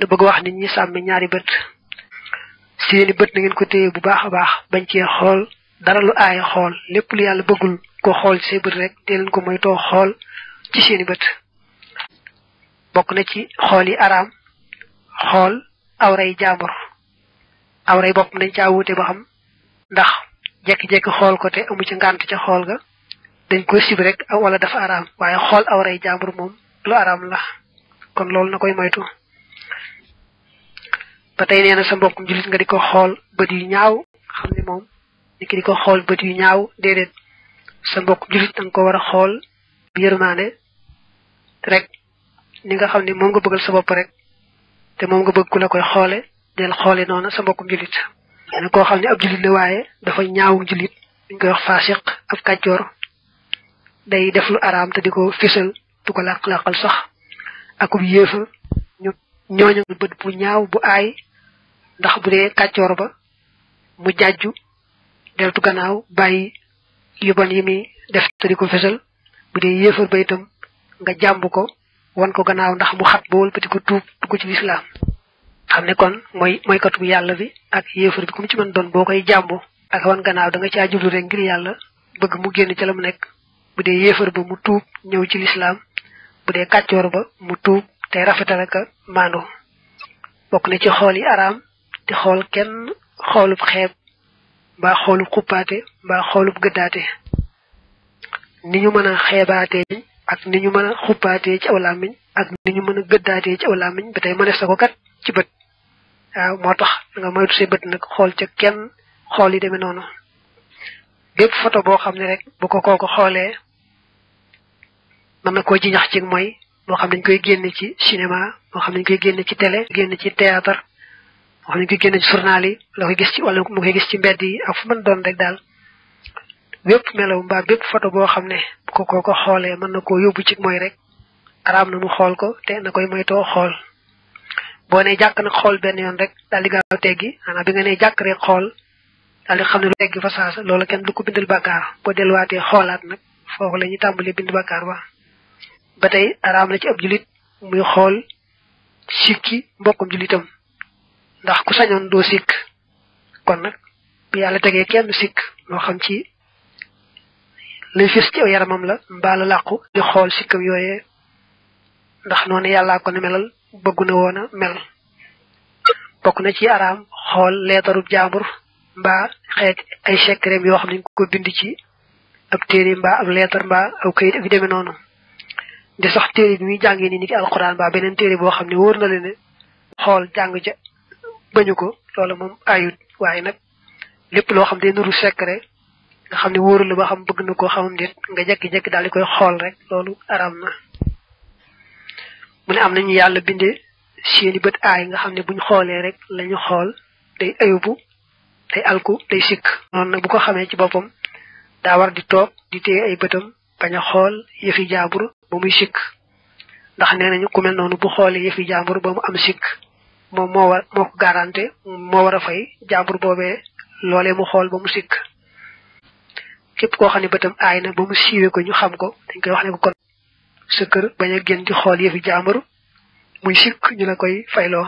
da bëgg wax nit ñi sàmmi ñaari bët seeni bët na ngeen ko téye bu baax a baax bañ cee xool dara lu aay xool lépp lu yàlla bëggul ko xool ci bët rek te leen ko moytoo xool ci seeni bët bokk na ci xool yi araam xool awray jaambur awray bopp nañ caa wuute ba ndax jekki xool ko te amu ca xool ga dañ ko sib rek wala dafa waaye xool awray jaambur moom lu araam la kon loolu na koy moytu batay neena sa mbokkum julit nga di ko xool bët yu ñaaw xam ne moom nit ki di ko yu ñaaw déedéet sa mbokkum julit da ko wara xol bi yermane rek ni nga xam mom nga bëggal sa bop rek te mom nga bëgg ku la koy xolé del xolé nona sa mbokkum julit ni ko xam ab julit la waye dafa ñaaw julit ni nga wax fasiq ab kadjor day def lu aram te diko ko tu ko laq laqal sax akub yéefa ñoñu bu ñaaw bu ay ndax bu kacior ba mu jàjju deltu gannaaw bàyyi yu bon yi muy def te di ko fesal bu dee ba itam nga jamb ko won ko gannaaw ndax mu xat ba petit ko tuub ko ci lislaam xam kon moy moy katu yalla bi ak yéefar bi kum ci man don bokay jamb ak won gannaaw da nga ci jublu rek ngir yalla bëgg mu génn ci lam nek nekk bu ba mu tuub ñew ci lislaam bu kacior ba mu tuub tey rafetal ka maandu bokk na ci xool yi araam te xool kenn xoolub xeeb mbaa xoolub xuppaate mbaa xoolub gëddaate ni ñu mën a xeebaatee ak ni ñu mën a xuppaatee ci aw làmmiñ ak ni ñu mën a gëddaatee ci aw làmmiñ ba tey mënees ko kat ci bët waaw moo tax nga moytu say bët nag xool ca kenn xool yi deme noonu bépp photo boo xam ne rek bu ko kooku xoolee mën na koo jiñax ci mooy moo xam dañ koy génne ci cinéma moo xam dañ koy génne ci télé génne ci théâtre moo nañ ko génne ci koy gis ci wala mu gis ci mbedd yi ak fu mën doon rek daal bépp melaw mbaa bépp photo boo xam ne bu ko kooko xoolee man na koo yóbbu ci mooy rek araam na mu xool ko te na koy moytoo xool boo ne jàkk nag xool benn yoon rek daal di gaaw teggi xanaa bi nga nee jàkk rek xool daal di xam ne lu teggi fa saasa loolu kenn du ko bindal bàkkaar boo delluwaatee xoolaat nag foofu la ñuy tàmbalee bind bàkkaar ba ba tey araam na ci ab julit muy xool sikki mbokkum julitam ndax ku sañoon doo sikk kon nag bu yàlla tegee kenn sikk moo xam ci lay fis ci yaramam la mbaa la làqu di xool sikkam yooyee ndax noonu yàllaa ko ne melal bëgg na woon mel bokk na ci araam xool leetarub jaambur mbaa xeet ay sekkereem yoo xam ne ñu ko bind ci ab téere mbaa ab leetar mbaa aw kayit ak yu demee noonu sax téere bi muy jàngee nii ni ki mbaa beneen téere boo xam ne wóor na leen xool jàng ca bañu ko loola moom ayut waaye nag lépp loo xam ne nuru sekre nga xam ne wóorul ba xam bëgg na koo xamam déet nga jekki-jekki daal di koy xool rek loolu araam na mu ne am nañu yàlla bindee seeni bët aay nga xam ne buñ xoolee rek lañu xool day ayubu day alku day sikk noonu nag bu ko xamee ci boppam daa war di toog di téye ay bëtam bañ xool yëfi jaambur ba muy sikk ndax nee na ñu mel noonu bu xoolee yëfi jaambur ba mu am sikk moom moo war moo ko garanté moo war a fay jàmbur boobee loolee mu xool ba mu sikk képp koo xam ne bëtam aay na ba mu siiwee ko ñu xam ko dañ koy wax ne ko kon sa kër bañ a génn di xool yëfi jàmbur muy sikk ñu la koy fayloo